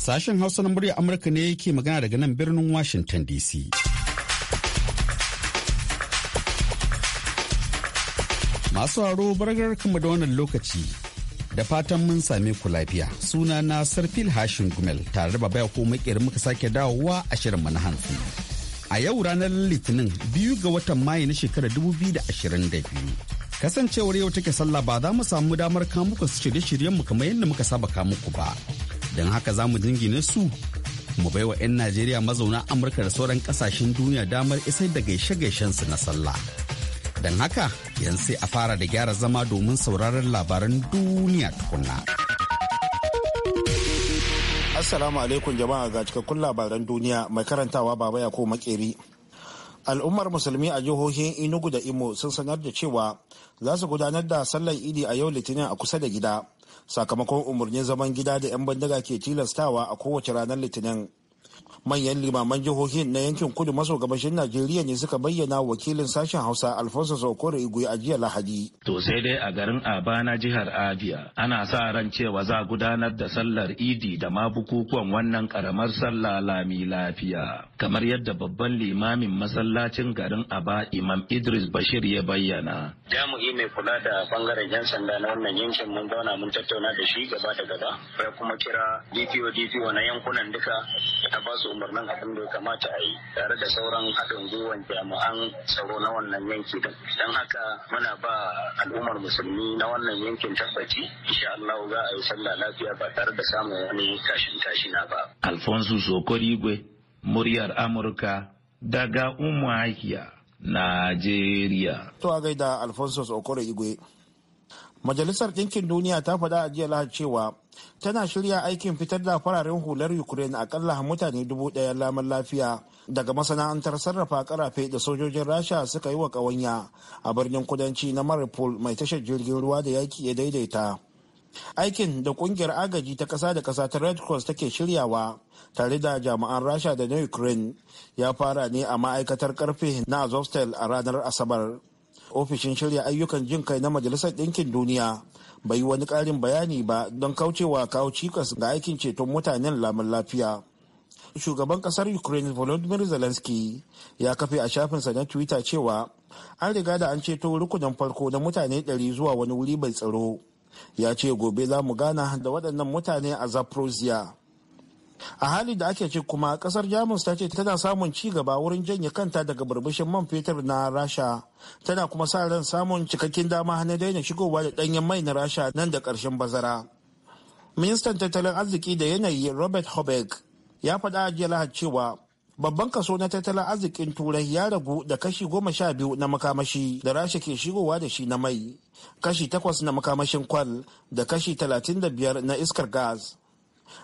Sashen Hausa na murya Amurka ne yake magana daga nan birnin Washington DC. Masu haro bargar kama da wannan lokaci da fatan mun same ku lafiya. Suna na Sarfil Hashin Gumel tare da babaya ko makiyar muka sake dawowa a shirin na hantsi. A yau ranar Litinin biyu ga watan Mayu na shekarar 2022. kasancewar yau take sallah ba za mu samu damar kamuka su shirye mu kamar yadda muka saba kamuku ba don haka za mu su mu bai wa 'yan najeriya mazauna amurka da sauran kasashen duniya damar isar da gaishe gaishen su na sallah don haka yanzu sai a fara da gyara zama domin sauraron labaran duniya tukunna assalamu alaikum jama'a ga cikakkun labaran duniya mai karantawa baba ya ko makeri al'ummar musulmi a jihohin inugu da imo sun sanar da cewa za su gudanar da sallar idi a yau litinin a kusa da gida sakamakon umarnin zaman gida da 'yan bandaga ke tilastawa a kowace ranar litinin manyan limaman jihohin na yankin kudu maso gabashin najeriya ne suka bayyana wakilin sashen hausa alfonso sokoro igwe a jiya lahadi to sai dai a garin aba na jihar abia ana sa ran cewa za gudanar da sallar idi da ma bukukuwan wannan karamar sallah lami lafiya kamar yadda babban limamin masallacin garin aba imam idris bashir ya bayyana jami'i mai kula da bangaren yan sanda na wannan yankin mun zauna mun tattauna da shi gaba da gaba kuma kira dpo dpo na yankunan duka ta ba su umarnin abin da ya kamata a yi tare da sauran haɗin gwiwan jami'an tsaro na wannan yanki din don haka muna ba al'ummar musulmi na wannan yankin tabbaci insha Allah za a yi sallah lafiya ba tare da samun wani tashin na ba Alfonso Sokorigwe muryar Amurka daga Umuahia Najeriya to a gaida Alfonso Sokorigwe Majalisar Ɗinkin Duniya ta faɗa a jiya Lahadi cewa tana shirya aikin fitar da fararen hular ukraine akalla mutane dubu ɗaya laman lafiya daga masana'antar sarrafa karafe da sojojin rasha suka yi wa ƙawanya a birnin kudanci na maripol mai tashar jirgin ruwa da yaki ya daidaita aikin da kungiyar agaji ta ƙasa da ƙasa ta red cross take shiryawa tare da jami'an rasha da na ukraine ya fara ne a ma'aikatar karfe na azovstal a ranar asabar ofishin shirya ayyukan jin kai na majalisar ɗinkin duniya bai yi wani ƙarin bayani ba don kaucewa kawo cikas ga aikin ceton mutanen lamun lafiya. Shugaban ƙasar Ukraine Volodymyr Zelensky ya kafe a shafinsa na Twitter cewa an riga da an ceto rukunin farko na mutane 100 zuwa wani wuri bai tsaro. Ya ce gobe za mu gana da waɗannan mutane a Zaporozhye. a hali da ake ce kuma kasar jamus ta ce tana samun ci gaba wurin janye kanta daga burbushin man fetur na rasha tana kuma sa ran samun cikakken dama na daina shigowa da danyen mai na rasha nan da karshen bazara ministan tattalin arziki da yanayi robert hobeck ya faɗa a jiya lahad cewa babban kaso na tattalin arzikin turai ya ragu da kashi goma sha biyu na makamashi da rasha ke shigowa da shi na mai kashi takwas na makamashin kwal da kashi talatin da biyar na iskar gas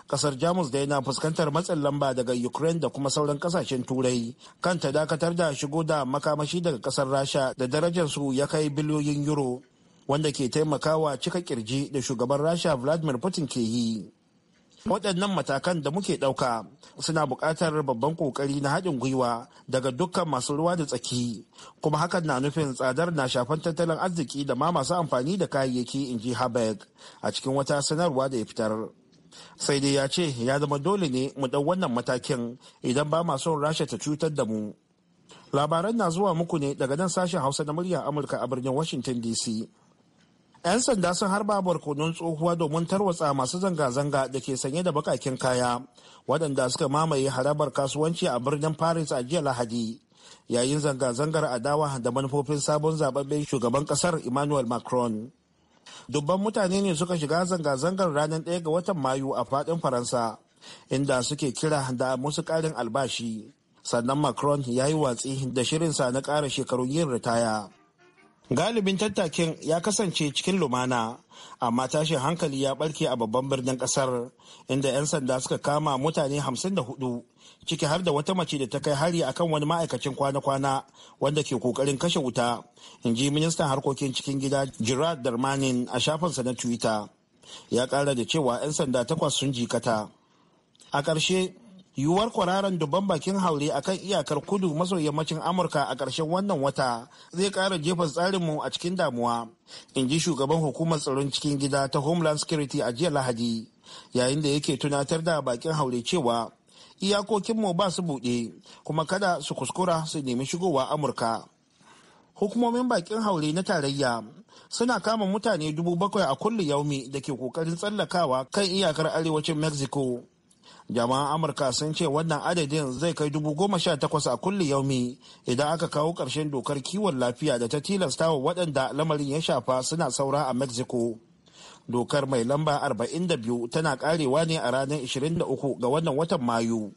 kasar jamus da yana fuskantar matsin lamba daga ukraine da kuma sauran kasashen turai kan ta dakatar da shigo da makamashi daga kasar rasha da darajar su ya kai biliyoyin euro wanda ke taimakawa cika kirji da shugaban rasha vladimir putin ke yi waɗannan matakan da muke ɗauka suna buƙatar babban ƙoƙari na haɗin gwiwa daga dukkan masu ruwa da tsaki kuma hakan na nufin tsadar na shafan tattalin arziki da ma masu amfani da kayayyaki in ji a cikin wata sanarwa da ya fitar sai dai ya ce ya zama dole ne mu ɗau wannan matakin idan ba ma son rasha ta cutar da mu labaran na zuwa muku ne daga nan sashen hausa na murya amurka a birnin washington dc 'yan sanda sun harba barkonon tsohuwa domin tarwatsa masu zanga-zanga da ke sanye da bakakin kaya waɗanda suka mamaye harabar kasuwanci a birnin paris a jiya lahadi yayin zanga-zangar adawa da manufofin sabon zababben shugaban kasar emmanuel macron Dubban mutane ne suka shiga zanga-zangar ranar ɗaya ga watan Mayu a faɗin Faransa, inda suke kira da musu ƙarin albashi. Sannan Macron ya yi watsi da shirinsa na ƙara shekarun yin ritaya. galibin tattakin ya kasance cikin lumana amma tashin hankali ya barke a babban birnin kasar inda 'yan sanda suka kama mutane 54 ciki har da wata mace da ta kai hari akan wani ma'aikacin kwana-kwana wanda ke kokarin kashe wuta in ji ministan harkokin cikin gida gerard darmanin a shafinsa na twitter ya kara da cewa 'yan sanda takwas sun jikata a ƙarshe yiwuwar kwararan dubban bakin haure a kan iyakar kudu maso yammacin amurka a ƙarshen wannan wata zai ƙara jefa tsarinmu a cikin damuwa in ji shugaban hukumar tsaron cikin gida ta homeland security a jiya lahadi yayin da yake tunatar da bakin haure cewa iyakokinmu ba su buɗe kuma kada su kuskura su nemi shigowa amurka hukumomin bakin haure na tarayya suna kama mutane dubu bakwai a kullu yaumi da ke kokarin tsallakawa kan iyakar arewacin mexico jama'an amurka sun ce wannan adadin zai kai dubu goma sha takwas a kulli yaumi idan aka kawo ƙarshen dokar kiwon lafiya da ta tilastawa wa waɗanda lamarin ya shafa suna saura a mexico dokar mai lamba 42 tana karewa ne a ranar 23 ga wannan watan mayu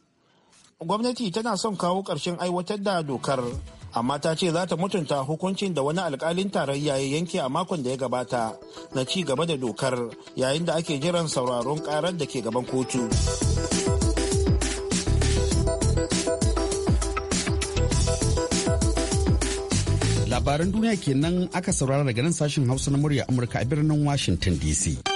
gwamnati tana son kawo ƙarshen aiwatar da dokar amma ta ce za ta mutunta hukuncin da wani alkalin tarayya ya yanke a makon da ya gabata na ci gaba da dokar yayin da ake jiran sauraron karar da ke gaban kotu labaran duniya kenan aka saurara daga nan sashen hausa na murya amurka a birnin washington dc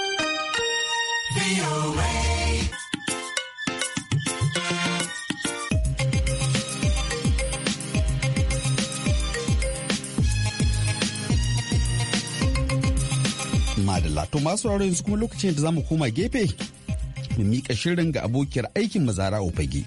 To masu sauraro yanzu kuma lokacin da za mu koma gefe mu miƙa shirin ga abokiyar aikin mazara Zara Ofage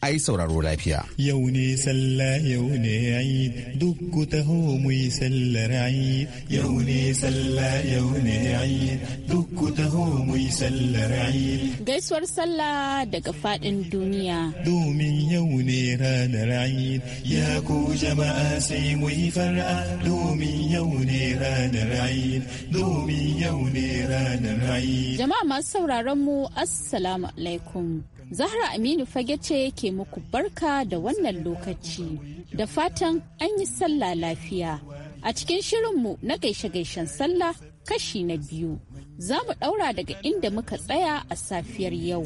ai sauraro lafiya. Yau ne sallah yau ne aid duk ku taho mu yi sallar aid. Yau ne sallah yau ne aid duk ku taho mu yi sallar aid. Gaisuwar sallah daga fadin duniya. Domin yau ne ranar aid ya ku jama'a sai mu yi far'a domin yau ne ranar aid domin yau ne ranar aid. Jama'a masu sauraron mu assalamu alaikum. Zahra Aminu fage ce ke muku barka da wannan lokaci da fatan an yi sallah lafiya. A cikin shirinmu na gaishe-gaishen sallah kashi na biyu za mu ɗaura daga inda muka tsaya a safiyar yau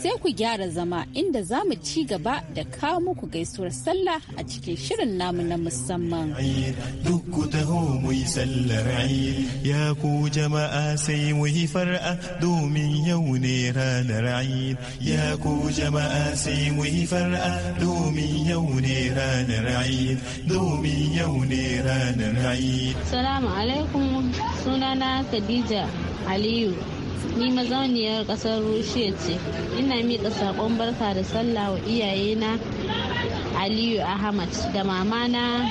sai ku gyara zama inda za mu ci gaba da kawo muku gaisuwar sallah a cikin shirin namu na musamman duk jama'a sai muhi far'a domin yau ne ranar ya ku jama'a sai mu far'a domin yau ne yau ne Salamu alaikum sunana Khadija Aliyu. Ni mazauniyar kasar Rushiya ce, ina miƙa saƙon barka da sallah wa iyayena Aliyu Ahmad da mamana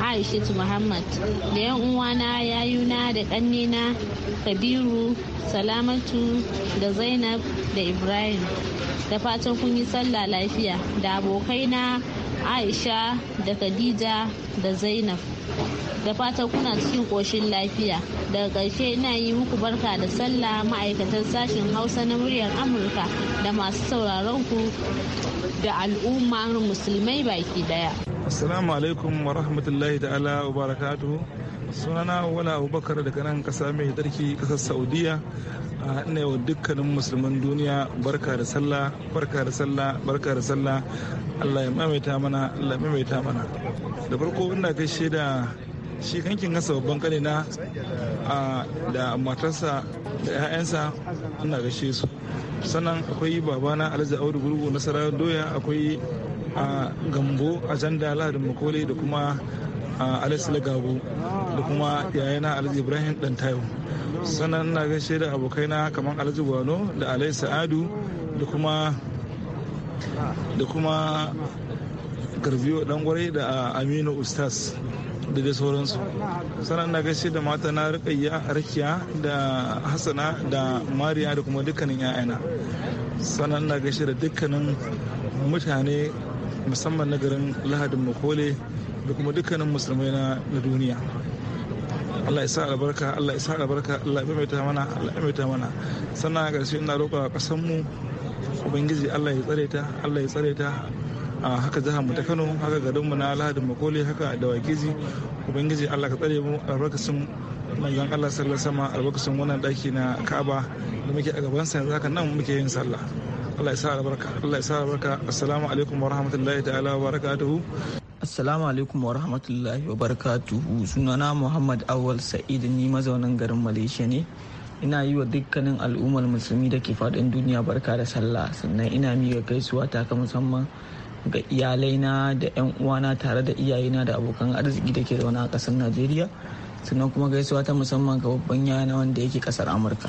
aishatu muhammad da yan uwana yayuna da ƙannina kabiru salamatu da zainab da ibrahim da fatan kun yi sallah lafiya da abokaina aisha da khadija da zainab da fatan kuna cikin ƙoshin lafiya daga ƙarshe ina yi muku barka da sallah ma'aikatan sashen hausa na muryar amurka da masu sauraron ku da al'ummar musulmai baki daya assalamu alaikum wa rahmatullahi ta'ala wa barakatuhu sunana wala abubakar daga nan kasa mai tsarki kasar saudiya ina yau dukkanin musulman duniya barka da sallah barka da sallah barka da sallah allah ya maimaita mana allah ya maimaita mana da farko ina gaishe da shi kankin kasa babban kane na da matarsa da 'ya'yansa ina gaishe su sannan akwai babana alhaji audu gurgu nasara doya akwai a gambo a janda lahadin makole da kuma alhaji lagabo da kuma yayana alhaji ibrahim dantayo sannan ina gaishe da abokaina kamar alhaji gwano da alhaji sa'adu da kuma da kuma garbiyo dangwarai da aminu ustaz da dai sauransu sannan na gaishe da mata na rikayya rakiya da hasana da mariya da kuma dukkanin ya'yana sannan na gaishe da dukkanin mutane musamman na garin lahadin makole da kuma dukkanin musulmai na duniya Allah ya sa albarka Allah ya sa albarka Allah ya maimaita mana Allah ya maimaita mana sannan a ƙarshe ina roƙa ƙasar mu ubangiji Allah ya tsare ta Allah ya tsare ta a haka jihar mu ta Kano haka garin mu na Lahadin Makole haka da Wakiji ubangiji Allah ka tsare mu albarkacin manzon Allah sallallahu alaihi wasallam albarkacin wannan daki na Ka'aba da muke a gaban sa yanzu haka nan muke yin sallah Allah ya sa albarka Allah ya sa albarka assalamu alaikum wa rahmatullahi ta'ala wa barakatuhu Assalamu alaikum wa rahmatullahi wa barakatuhu sunana Muhammad Awal Sa'id ni mazaunin garin Malaysia ne. Ina yi wa dukkanin al'ummar musulmi da ke faɗin duniya barka da sallah sannan ina miƙa gaisuwa ta ka musamman ga iyalaina da 'yan uwana tare da iyayena da abokan arziki da ke zaune a ƙasar Najeriya sannan kuma gaisuwa ta musamman ga babban yana wanda yake ƙasar Amurka.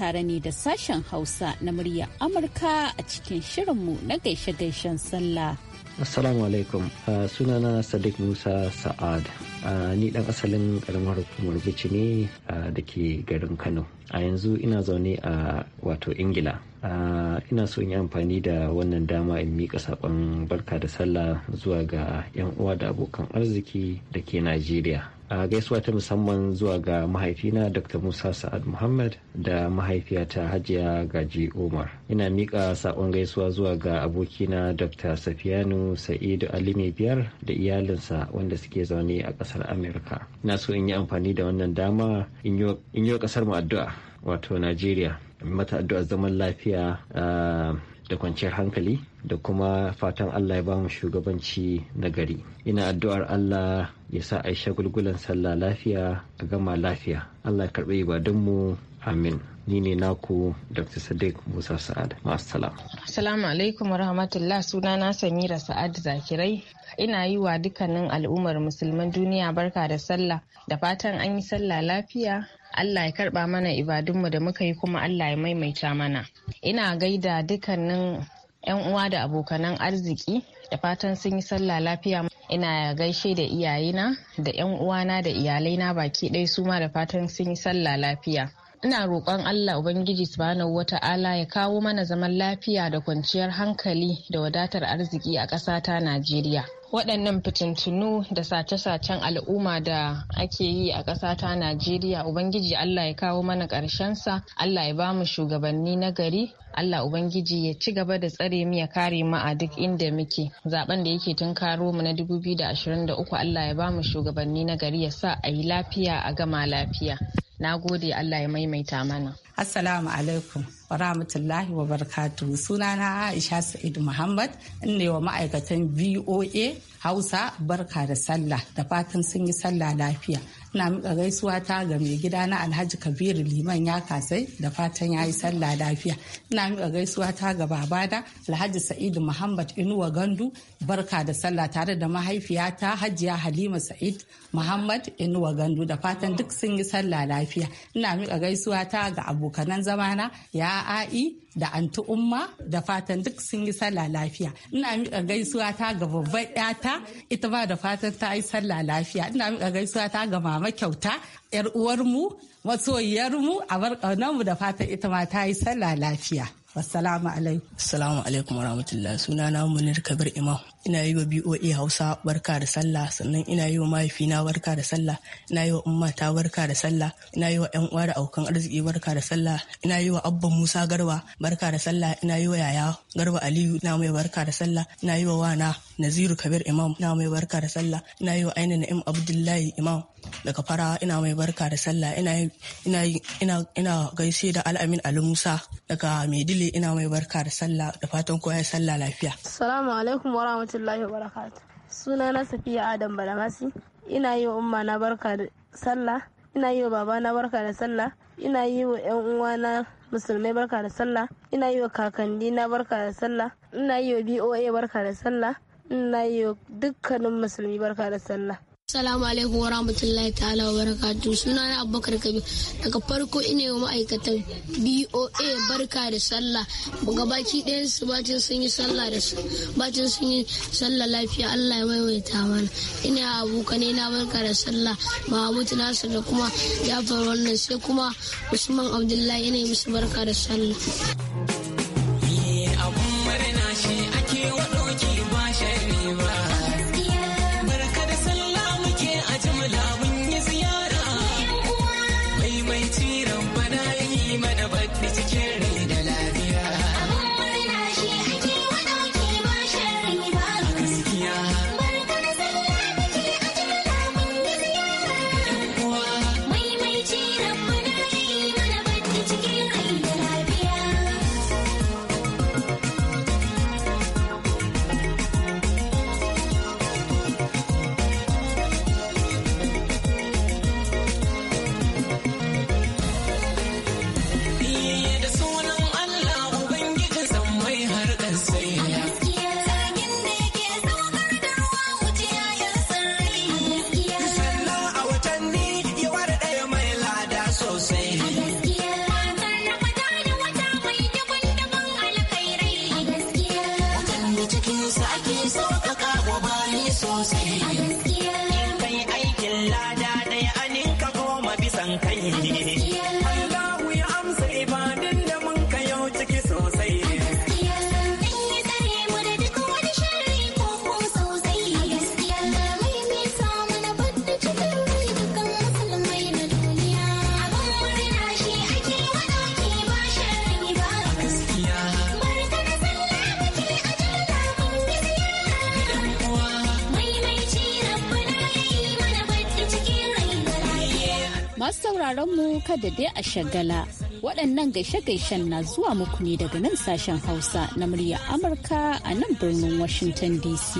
tare ne da sashen Hausa na murya Amurka a cikin shirinmu na gaishe-gaishen sallah. Assalamu alaikum ah, sunana Sadiq Musa Sa'ad ah, ni dan asalin karamar hukumar Bici ne ah, da ke garin Kano a yanzu ina zaune a wato Ingila ina so in yi amfani da wannan dama in miƙa saƙon barka da sallah zuwa ga 'yan uwa da abokan arziki da ke Najeriya a gaisuwa ta musamman zuwa ga mahaifina dr musa sa'ad muhammad da mahaifiyata hajiya gaji umar ina miƙa saƙon gaisuwa zuwa ga abokina dr safiyanu sa'idu alimi biyar da iyalinsa wanda suke zaune a ƙasar amurka ina so in yi amfani da wannan dama in yi ƙasar mu addu'a wato najeriya mata addu'a zaman lafiya ah, da kwanciyar hankali da kuma fatan Allah ya bamu shugabanci na gari. Ina addu'ar Allah ya sa a yi gulgulan sallah lafiya a gama lafiya. Allah ya karɓi ibadunmu amin. Ni ne naku Dr. Sadiq Musa Sa'ad. Ma'asalam. Assalamu alaikum rahmatullah na Samira Sa'ad Zakirai. Ina yi wa dukkanin al'ummar musulman duniya barka da sallah da fatan an yi sallah lafiya Allah ya karba mana ibadunmu da muka yi kuma Allah ya maimaita mana. Ina gaida dukkanin 'yan uwa da abokanan arziki da fatan sun yi sallah lafiya ina gaishe da iyayena da 'yan uwana da iyalaina baki ɗaya su ma da fatan sun yi sallah lafiya. ina roƙon Allah Ubangiji subhanahu ta'ala ya kawo mana zaman lafiya da kwanciyar hankali da wadatar arziki a ƙasata Najeriya. waɗannan fitintunu da sace-sacen al'umma da ake yi a ƙasa ta najeriya ubangiji allah ya kawo mana ƙarshensa allah ya ba mu shugabanni na gari Allah Ubangiji ya ci gaba da tsare mu ya kare mu a duk inda muke. Zaben da yake tun karo mu na 2023 Allah ya ba mu shugabanni na gari ya sa a yi lafiya a gama lafiya. Na gode Allah ya maimaita mana. Assalamu alaikum wa rahmatullahi wa Suna Sunana Aisha Sa'id Muhammad, ne wa ma'aikatan VOA Hausa barka da sallah da fatan sun yi sallah lafiya. Ina miƙa gaisuwa ta ga mai gida na Alhaji Kabiru Liman ya kasai da fatan ya yi sallah lafiya. Ina miƙa gaisuwa ta ga babana Alhaji Sa'idu Muhammad Inuwa Gandu barka da sallah tare da mahaifiyata Hajiya Halima Sa'id Muhammad Inuwa Gandu da fatan duk sun yi sallah lafiya. Ina miƙa gaisuwa ta ga abokanan zamana ya a'i da anti umma da fatan duk sun yi sallah lafiya ina miƙa gaisuwa ta ga babbar yata ita ba da fatan ta yi sallah lafiya ina miƙa gaisuwa ta ga mama kyauta yar uwarmu mu a bar mu da fatan ita ma ta yi sallah lafiya Wassalamu alaikum. Assalamu alaikum wa rahmatullah. Suna na Munir Kabir Imam. Ina yi wa BOA Hausa barka da sallah sannan ina yi wa mahaifina barka da sallah ina yi wa Umma ta barka da sallah ina yi wa ƴan uwa da aukan arziki barka da sallah ina yi wa Abba Musa Garba barka da sallah ina yi wa yaya Garba Aliyu ina mai barka da sallah ina yi wa wana Naziru Kabir Imam ina mai barka da sallah ina yi wa Aina Na'im Abdullahi Imam daga farawa ina mai barka da sallah ina ina ina gaishe da Al'amin Ali Musa daga Maiduguri Sule ina mai barka da sallah da fatan kowa ya sallah lafiya. Salamu alaikum wa rahmatullahi wa barakatu. Suna na Safiya Adam balamasi Ina yi wa umma na barka da sallah. Ina yi wa baba na barka da sallah. Ina yi wa 'yan uwa na musulmai barka da sallah. Ina yi wa kakanni na barka da sallah. Ina yi wa BOA barka da sallah. Ina yi wa dukkanin musulmi barka da sallah. Salamu alaikum wa rahmatullahi ta'ala wa barakatuhu suna na Abubakar kabi daga farko ina wa ma'aikatan BOA barka da sallah ga baki ɗayan su bacin sun yi sallah da su bacin sun yi sallah lafiya Allah ya maimaita mana ina ne na barka da sallah mutu Nasir da kuma Jafar wannan sai kuma Usman Abdullahi ina musu barka da sallah. kuka kada dai a shagala. Waɗannan gaishe-gaishen na zuwa muku ne daga nan sashen Hausa na murya Amurka a nan birnin Washington DC.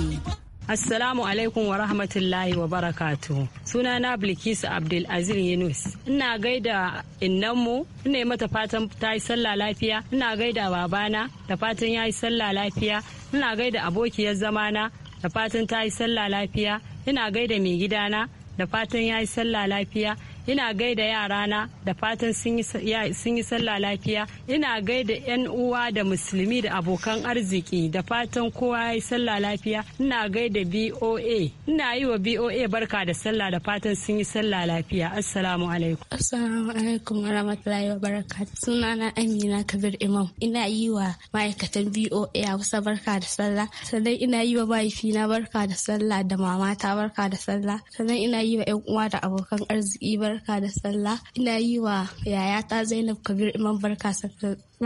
Assalamu alaikum wa rahmatullahi wa barakatu. Suna na Bilkisu Abdul azir Yunus. Ina gaida innanmu, ina mata fatan ta yi sallah lafiya, ina gaida babana da fatan ya yi sallah lafiya, ina gaida abokiyar zamana da fatan ta yi sallah lafiya, ina gaida mai gidana da fatan ya yi sallah lafiya, ina gaida yarana da fatan sun yi sallah lafiya ina gaida yan uwa da musulmi da abokan arziki da fatan kowa ya yi sallah lafiya ina gaida boa ina yi wa boa barka da sallah da fatan sun yi sallah lafiya assalamu alaikum assalamu alaikum wa rahmatullahi wa barakatuh sunana amina kabir imam ina yi wa ma'aikatan boa a kusa barka da sallah sannan ina yi wa mahaifina barka da sallah da mamata barka da sallah sannan ina yi wa yan uwa da abokan arziki barka barka da sallah ina yi wa yayata zainab kabir imam barka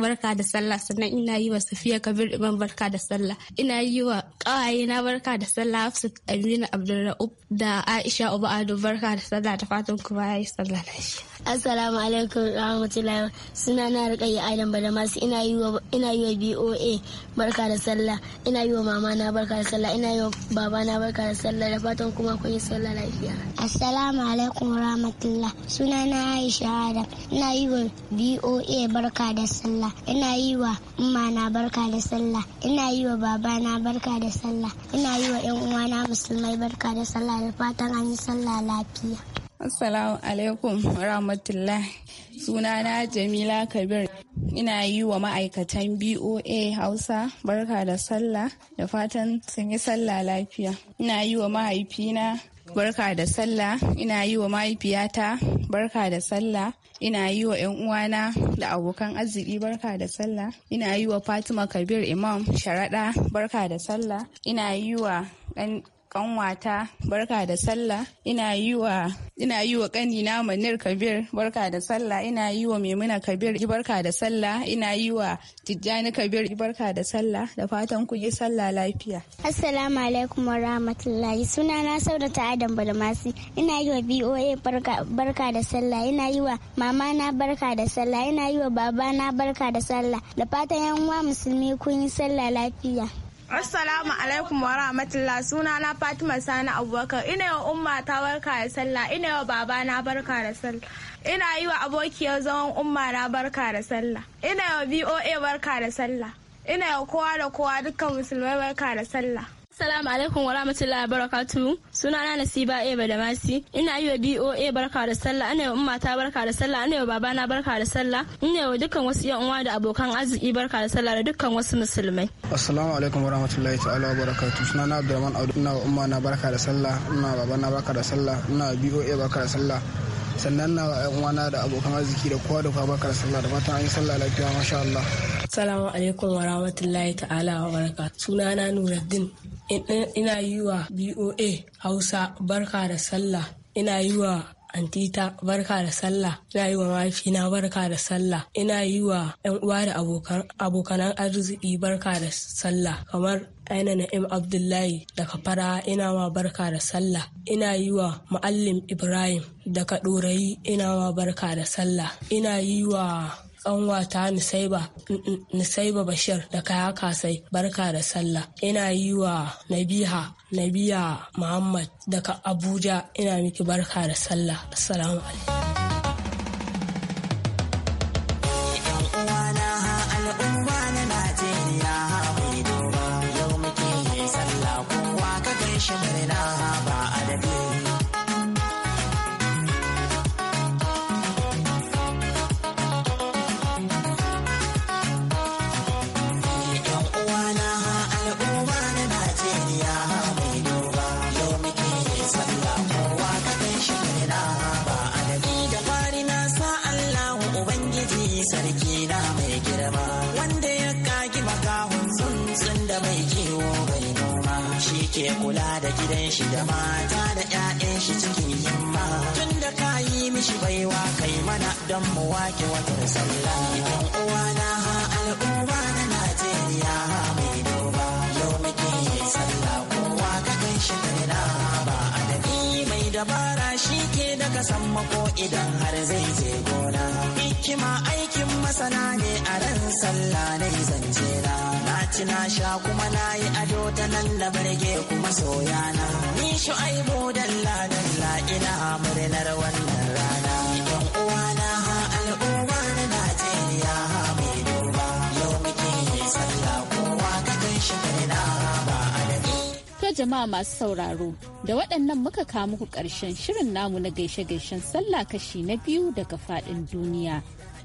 barka da sallah sannan ina yi wa safiya kabir imam barka da sallah ina yi wa kawaye na barka da sallah hafsat amina abdulra'ub da aisha uba ado barka da sallah ta fatan kuma ba yi sallah shi assalamu alaikum rahmatullahi suna na rika yi adam bada masu ina yi wa boa barka da sallah ina yi wa mama na barka da sallah ina yi wa baba na barka da sallah da fatan kuma kun yi sallah lafiya assalamu alaikum rahmatullahi sallah suna na aisha adam ina yi wa boa barka da sallah ina yi wa umma na barka da sallah ina yi wa baba na barka da sallah ina yi wa yan uwana musulmai barka da sallah da fatan an yi sallah lafiya Assalamu alaikum rahmatullah. Sunana Jamila Kabir. Ina yi wa ma'aikatan BOA Hausa barka da sallah da fatan sun yi sallah lafiya. Ina yi wa mahaifina barka da sallah. Ina yi wa mahaifiyata barka da sallah. Ina yi wa 'yan uwana da abokan arziki barka da sallah. Ina yi wa Fatima Kabir Imam Sharaɗa barka da sallah. Ina yi wa kanwata barka da sallah ina yi wa ina yi wa na manir kabir barka da sallah ina yi wa maimuna kabir barka da sallah ina yi wa tijjani kabir barka da sallah da fatan ku yi sallah lafiya assalamu alaikum wa suna na saurata adam balmasi ina yi wa boa barka da sallah ina yi wa mama na barka da sallah ina yi wa baba na barka da sallah da fatan yan uwa musulmi kun yi sallah lafiya Assalamu alaikum wa rahmatullah suna na Fatima Sani Abubakar ina yawa umma ta barka da sallah ina yawa baba na barka da sallah ina yi wa abokiyar zaman umma na barka da sallah ina yawa BOA barka da sallah ina yawa kowa da kowa dukkan musulmai barka da sallah Assalamu alaikum wa rahmatullahi wa barakatu. na Nasiba Eba da Masi. Ina yi wa BOA barka da sallah, ana yi wa ummata barka da sallah, ana yi wa babana barka da sallah, ina yi wa dukkan wasu yan uwa da abokan arziki barka da sallah da dukkan wasu musulmai. Assalamu alaikum wa rahmatullahi ta'ala wa barakatu. na Abdulrahman Audu. Ina wa umma na barka da sallah, ina wa babana barka da sallah, ina wa BOA barka da sallah. sannan na yan uwana da abokan arziki da kowa da kowa barkar sallah da fatan an yi sallah lafiya masha Allah Salamu alaikum wa rahmatullahi ta'ala wa baraka sunana Nuruddin ina yi wa BOA Hausa barka da sallah ina yi wa antita barka da sallah ina yi wa mahaifina barka da sallah ina yi wa yan uwa da abokan abokanan arziki barka da sallah kamar aina na'im abdullahi daga fara ina ma barka da sallah ina yi wa ma'allim ibrahim daga ɗorayi ina ma barka da sallah ina yi wa ƙanwata Nusaiba nisaiba Bashir da kaya kasai barka da sallah ina yi wa Nabiha Nabiya Muhammad daga Abuja ina miki barka da sallah assalamu alaikum da mata da 'ya'yan shi cikin himma tun da ka yi mishi baiwa kai mana don mu wake watar sallah idan uwana ha al'umma na san mako idan har zai je gona hikima aikin masana ne a ran sallah na zance na na ci na sha kuma na yi ado ta nan da barge kuma soyana ni shu'aibu dalla dalla ina murnar wannan jama'a masu sauraro da waɗannan muka kawo muku ƙarshen shirin namu na gaishe-gaishen sallah kashi na biyu daga faɗin duniya.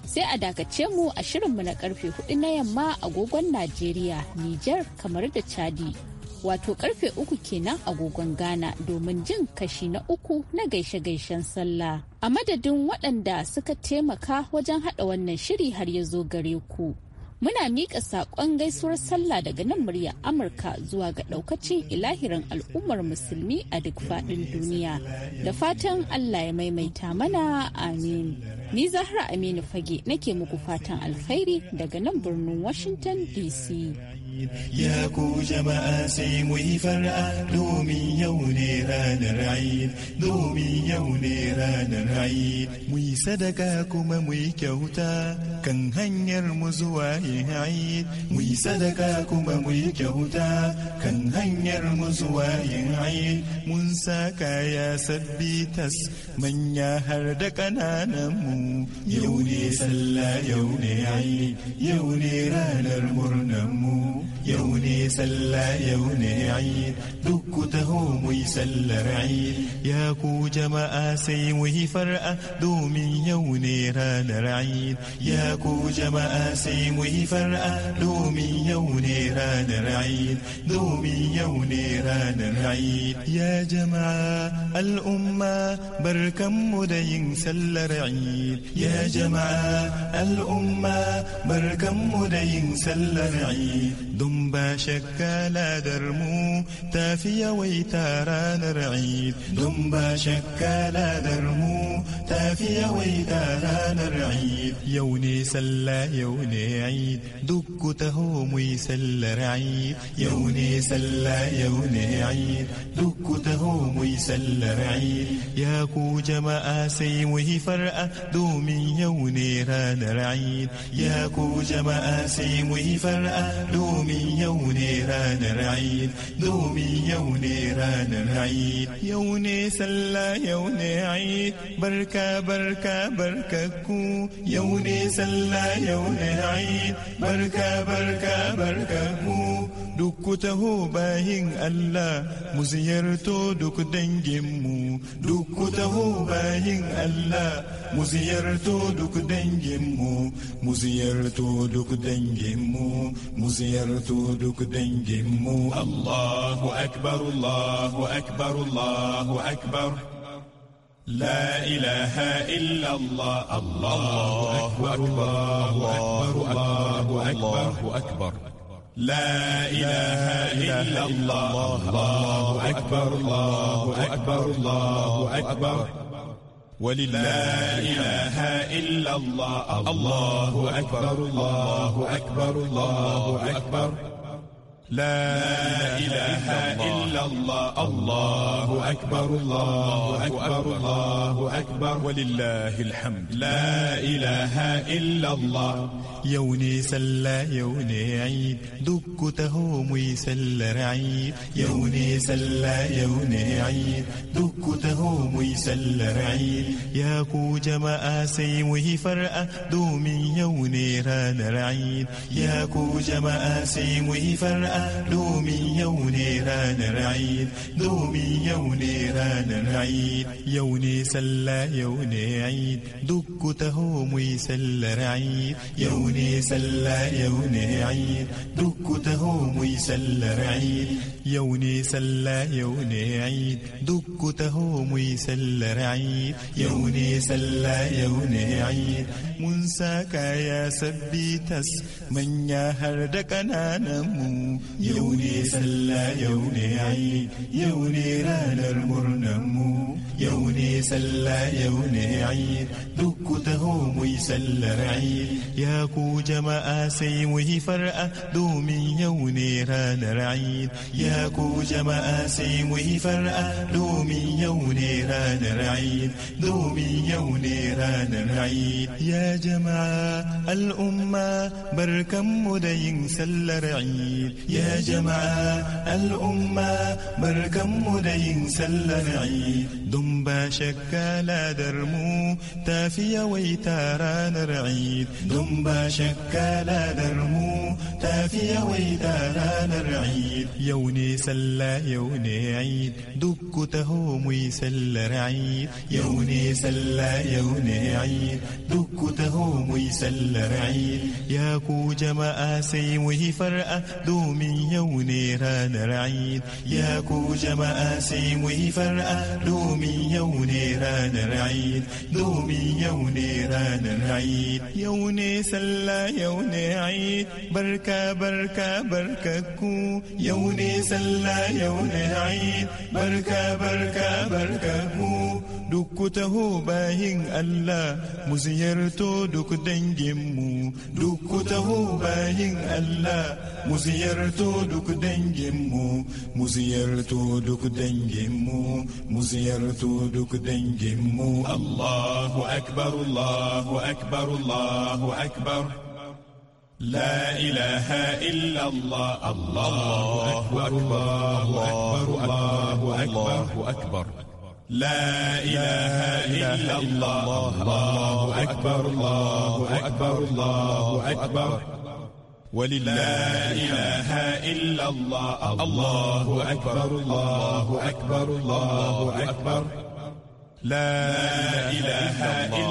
Sai a dakace mu a shirinmu na karfe hudu na yamma agogon Najeriya, Nijar, kamar da Chadi. Wato karfe uku kenan agogon Ghana domin jin kashi na uku na gaishe-gaishen sallah. A madadin waɗanda suka taimaka wajen haɗa wannan shiri har ya zo gare ku. Muna miƙa saƙon gaisuwar sallah daga nan murya Amurka zuwa ga ɗaukacin ilahirin al'ummar musulmi a duk faɗin duniya. Da fatan Allah ya maimaita mana amin. Ni Zahra Aminu Fage nake muku fatan alkhairi daga nan birnin Washington DC. ya ku jama'a sai mu yi far'a domin yau ne ranar aid domin yau ne ranar aid mu yi sadaka kuma mu yi kyauta kan hanyar mu zuwa yin aid mu yi sadaka kuma mu yi kyauta kan hanyar mu zuwa yin aid mun sa kaya sabbi tas manya har da kananan mu yau ne sallah yau ne aid yau ne ranar murnan mu yau ne yi yau ne duk ku taho mu sallar ayi ya ku jama'a sai mu far'a domin yau ne ranar ya ku jama'a sai mu far'a domin yau ne ranar domin yau ne ranar ya jama'a al'umma barkanmu da yin sallar ayi ya jama'a al'umma barkanmu da yin sallar ayi don شكا لا درمو تافيا ويتارا نرعيد دمبا شكا لا درمو تافيا ويتارا نرعيد يوني سلا يوني عيد دك تهوم ويسل رعيد يوني سلا يوني عيد دك تهوم ويسل رعيد يا كو جما سيمه فرأة دومي يوني ران رعيد يا كو جما سيمه فرأة دومي يوني ranar Eid domin yau ne ranar Eid yau ne sallah yau ne barka barka barka ku yau ne sallah yau ne barka barka barka ku dukutahu bahin bayin Allah mu ziyarto duk danginmu dukutahu bahin bayin Allah mu ziyarto duk danginmu mu ziyarto duk danginmu mu ziyarto duk danginmu Allahu akbar Allahu akbar Allahu akbar لا إله إلا الله الله أكبر, الله أكبر, الله أكبر لا إله إلا الله الله أكبر الله أكبر الله أكبر ولله لا إله إلا الله الله أكبر الله أكبر الله أكبر, الله أكبر لا, إله إلا الله الله أكبر الله أكبر الله أكبر ولله الحمد لا إله إلا الله يوني سلا يوني عيد دك تهوم يسل رعيد يوني سلا يوني عيد دك تهوم يسل رعيد يا كو جما سيمه فرأة دومي يوني ران رعيد يا كو جما سيمه فرأة دومي يوني ranar Eid domin yau ne ranar Eid yau ne sallah yau ne Eid duk ku taho mu yi sallar Eid yau ne sallah yau ne Eid duk ku taho mu yi sallar Eid yau ne sallah yau ne Eid duk ku taho mu yi sallar Eid yau ne sallah yau ne Eid mun sa kaya sabbi tas manya har da kananan mu yau ne sallah yau ne ayi yau ne ranar murnan mu yau ne sallah yau ne ayi duk ku taho mu yi sallar ayi ya ku jama'a sai mu yi far'a domin yau ne ranar ayi ya ku jama'a sai mu yi far'a domin yau ne ranar ayi domin yau ne ranar ayi ya jama'a al'umma barkanmu da yin sallar ayi يا جماعة الأمة بركم مدين سلنعي دم باشك لا درمو تافيا ويتارا نرعيد دم باشك لا درمو تافيا ويتارا نرعيد يوني سلا يوني عيد دك تهوم يسل رعيد يوني سلا يوني عيد دك تهوم يسل رعيد يا كو سيمه فرأة دومي yau ne ranar Eid ya ku jama'a sai mu yi far'a domin yau ne ranar Eid domin yau ne ranar Eid yau ne sallah yau ne Eid barka barka barka ku yau ne sallah yau ne Eid barka barka barka ku dukutahu bahing taho bayin Allah mu duk danginmu dukutahu bahing taho bayin Allah mu duk danginmu muziyarto duk danginmu muziyarto duk danginmu Allahu akbar Allahu akbar Allahu akbar لا إله إلا الله الله أكبر الله أكبر الله أكبر الله أكبر, الله أكبر, الله أكبر لا إله إلا الله الله أكبر الله أكبر الله أكبر ولله لا إله إلا الله الله أكبر الله أكبر الله أكبر, الله أكبر لا إله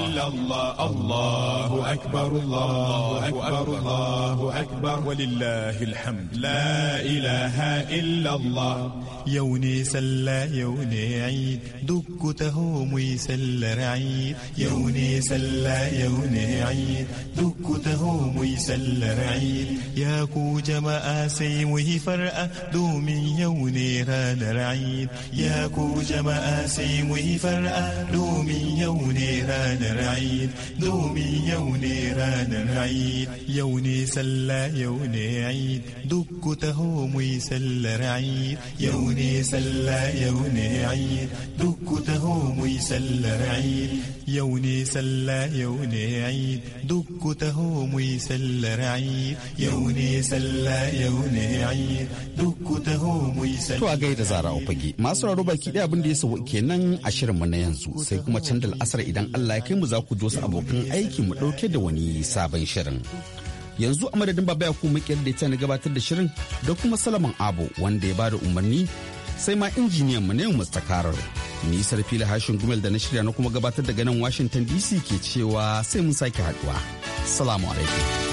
إلا الله الله أكبر الله أكبر الله أكبر ولله الحمد لا إله إلا الله يوني سلا يوني عيد دك تهوم يسل رعيد يوني سلا يوني عيد دك تهوم يسل رعيد يا كو جما سيمه فرأة دومي يوني ران رعيد يا كو جما سيمه فرأة domi yau ne ranar Eid yau ne sallah yau ne Eid duk ku taho mu yi sallar Eid yau ne sallah yau ne Eid duk ku taho mu yi sallar Eid yau ne sallah yau ne Eid duk ku taho mu yi sallar Eid yau ne sallah yau ne Eid duk ku taho mu yi sallar To a gaida zara ofage masu raro baki daya abin da ya sawo kenan a shirin mu na yanzu sai kuma can da la'asar idan Allah ya kai mu za ku zo su abokan aiki mu ɗauke da wani sabon shirin. Yanzu a madadin baba ya kuma da ya gabatar da shirin da kuma Salaman Abu wanda ya bada umarni sai ma injiniyan mu ne mu tsakarar. Ni Sarfila Hashin Gumel da na shirya na kuma gabatar daga nan Washington DC ke cewa sai mun sake haɗuwa Salamu alaikum.